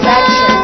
production.